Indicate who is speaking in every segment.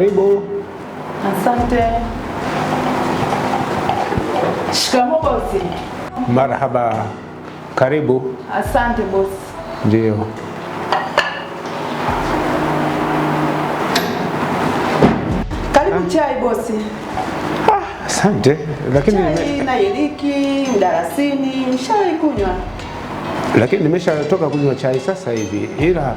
Speaker 1: Karibu.
Speaker 2: Asante. Shikamo bosi.
Speaker 1: Marhaba. Karibu.
Speaker 2: Asante bosi. Ndio. Karibu chai bosi.
Speaker 1: Ah, asante.
Speaker 2: Lakini chai na iliki, shai mshaikunywa.
Speaker 1: Lakini nimeshatoka kunywa chai sasa hivi. Ila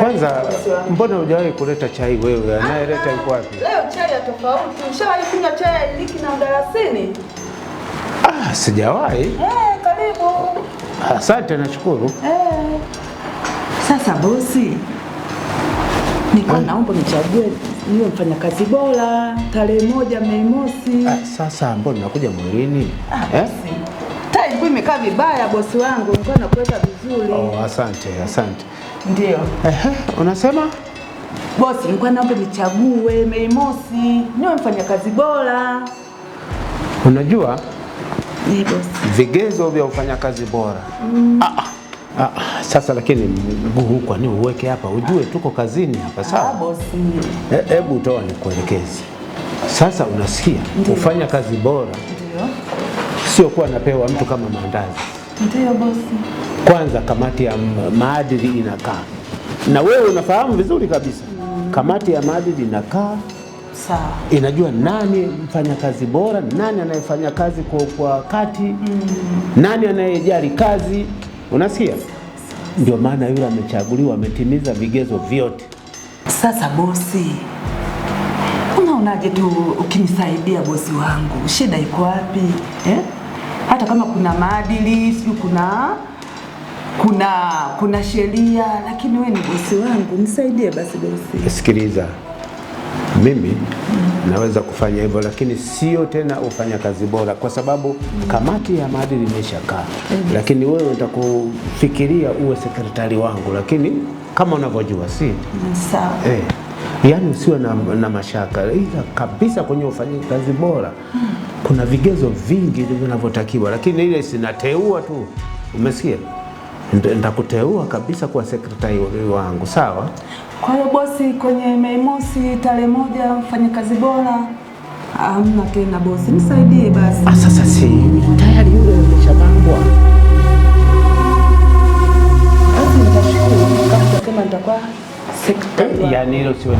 Speaker 1: kwanza mbona hujawahi kuleta chai wewe? Anayeleta yuko wapi?
Speaker 2: Leo chai ya tofauti. Ushawahi kunywa chai ya iliki na mdalasini?
Speaker 1: Ah, sijawahi. Eh,
Speaker 2: karibu.
Speaker 1: Asante nashukuru.
Speaker 2: Eh. Sasa bosi, niko eh. naomba nichague niwe mfanyakazi bora tarehe moja Mei Mosi.
Speaker 1: Ah, sasa mbona nakuja mwilini?
Speaker 2: Ah, eh? Taipu imekaa vibaya bosi wangu, nilikuwa nakuweka vizuri.
Speaker 1: Oh, asante, asante. Ndio. Ehe, unasema
Speaker 2: bosi, nilikuwa naomba nichague Mei Mosi niwe kazi bora. Unajua Ye, bosi.
Speaker 1: vigezo vya mfanyakazi bora mm. Ah, ah, ah, sasa lakini mguu huko ni uweke hapa? Ujue tuko kazini hapa sawa. Ah, bosi, e, hebu e, toa nikuelekeze sasa. Unasikia Ufanya kazi bora sio kuwa napewa mtu kama mandazi.
Speaker 2: Ndio bosi.
Speaker 1: Kwanza kamati ya maadili inakaa, na wewe unafahamu vizuri kabisa kamati ya maadili inakaa Sawa. Inajua nani mfanyakazi bora, nani anayefanya kazi kwa kwa wakati mm. nani anayejali kazi, unasikia? Ndio maana yule amechaguliwa, ametimiza vigezo vyote.
Speaker 2: Sasa bosi, unaonaje tu ukinisaidia bosi wangu, shida iko wapi eh? hata kama kuna maadili sio, kuna kuna kuna sheria, lakini wewe ni bosi wangu, nisaidie basi bosi.
Speaker 1: Sikiliza, mimi mm. naweza kufanya hivyo, lakini sio tena ufanya kazi bora, kwa sababu mm. kamati ya maadili imeshakaa mm. lakini wewe utakufikiria uwe sekretari wangu, lakini kama unavyojua si mm, sawa eh. Yaani usiwe na, na mashaka ila kabisa kwenye ufanyakazi bora mm. kuna vigezo vingi vinavyotakiwa, lakini ile sinateua tu, umesikia? nitakuteua kabisa kuwa sekretari wangu, sawa?
Speaker 2: Kwa hiyo bosi, kwenye Mei Mosi tarehe moja, mfanyakazi bora amna tena bosi, msaidie basi.
Speaker 1: Ah, sasa si
Speaker 2: tayari yule ameshabambwa, kama nitakuwa sekretari,
Speaker 1: yaani hilo sio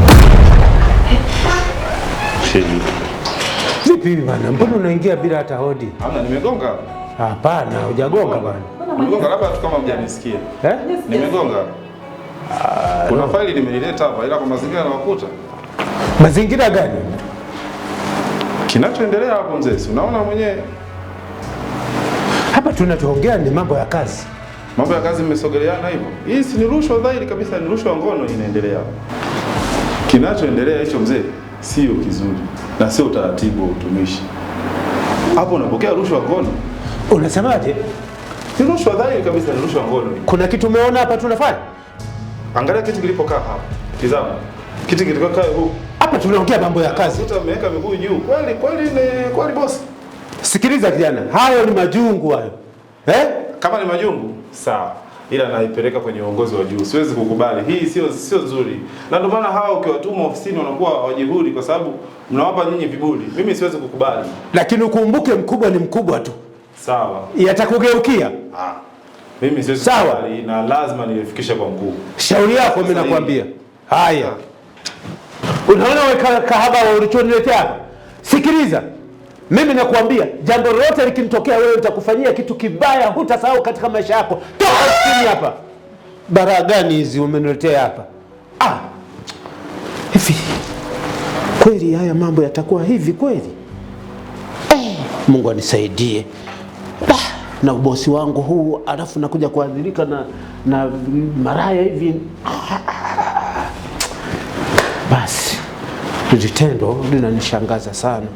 Speaker 1: vipi bwana? Mbona unaingia bila hata hodi?
Speaker 3: Hapana, nimegonga.
Speaker 1: Hapana, hujagonga bwana.
Speaker 3: Mmegonga labda tu kama mjanisikia. Eh? Nimegonga. Ah, Kuna faili nimelileta hapa ila kwa mazingira nawakuta.
Speaker 1: Mazingira gani?
Speaker 3: Kinachoendelea hapo mzee, si unaona mwenyewe.
Speaker 1: Hapa tunachoongea ni mambo ya kazi.
Speaker 3: Mambo ya kazi mmesogeleana hivyo. Hii si ni rushwa dhahiri kabisa, ni rushwa ngono inaendelea. Kinachoendelea hicho mzee sio kizuri na sio utaratibu wa utumishi. Hapo unapokea rushwa ngono.
Speaker 1: Unasemaje?
Speaker 3: Si rushwa dhahiri kabisa ni rushwa ngono.
Speaker 1: Kuna kitu umeona hapa tunafanya?
Speaker 3: Angalia kitu kilipokaa hapa. Tazama. Kitu kilipokaa huku.
Speaker 1: Hapa tunaongea mambo ya kazi.
Speaker 3: Mtu ameweka miguu juu. Kweli kweli ni kweli boss.
Speaker 1: Sikiliza kijana, hayo ni majungu hayo. Eh?
Speaker 3: Kama ni majungu, sawa. Ila naipeleka kwenye uongozi wa juu. Siwezi kukubali. Hii sio sio nzuri. Na ndio maana hawa ukiwatuma ofisini wanakuwa wajihuri kwa sababu mnawapa nyinyi viburi. Mimi siwezi kukubali.
Speaker 1: Lakini ukumbuke mkubwa ni mkubwa tu sawa, yatakugeukia
Speaker 3: ah. mimi siwezi sawa, na lazima nilifikisha kwa mguu.
Speaker 1: Shauri yako, mimi nakwambia haya. Ah. Unaona wewe kahaba wa ulichoniletea hapa, sikiliza mimi nakwambia, jambo lolote likimtokea wewe, nitakufanyia kitu kibaya hutasahau katika maisha yako. Toka chini hapa! Baraa gani hizi umeniletea hapa? Ah, hivi kweli haya mambo yatakuwa hivi kweli? Eh, Mungu anisaidie na ubosi wangu huu, alafu nakuja kuadhirika na, na maraya hivi. Basi litendo linanishangaza sana,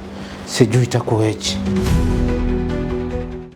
Speaker 1: sijui itakuweje.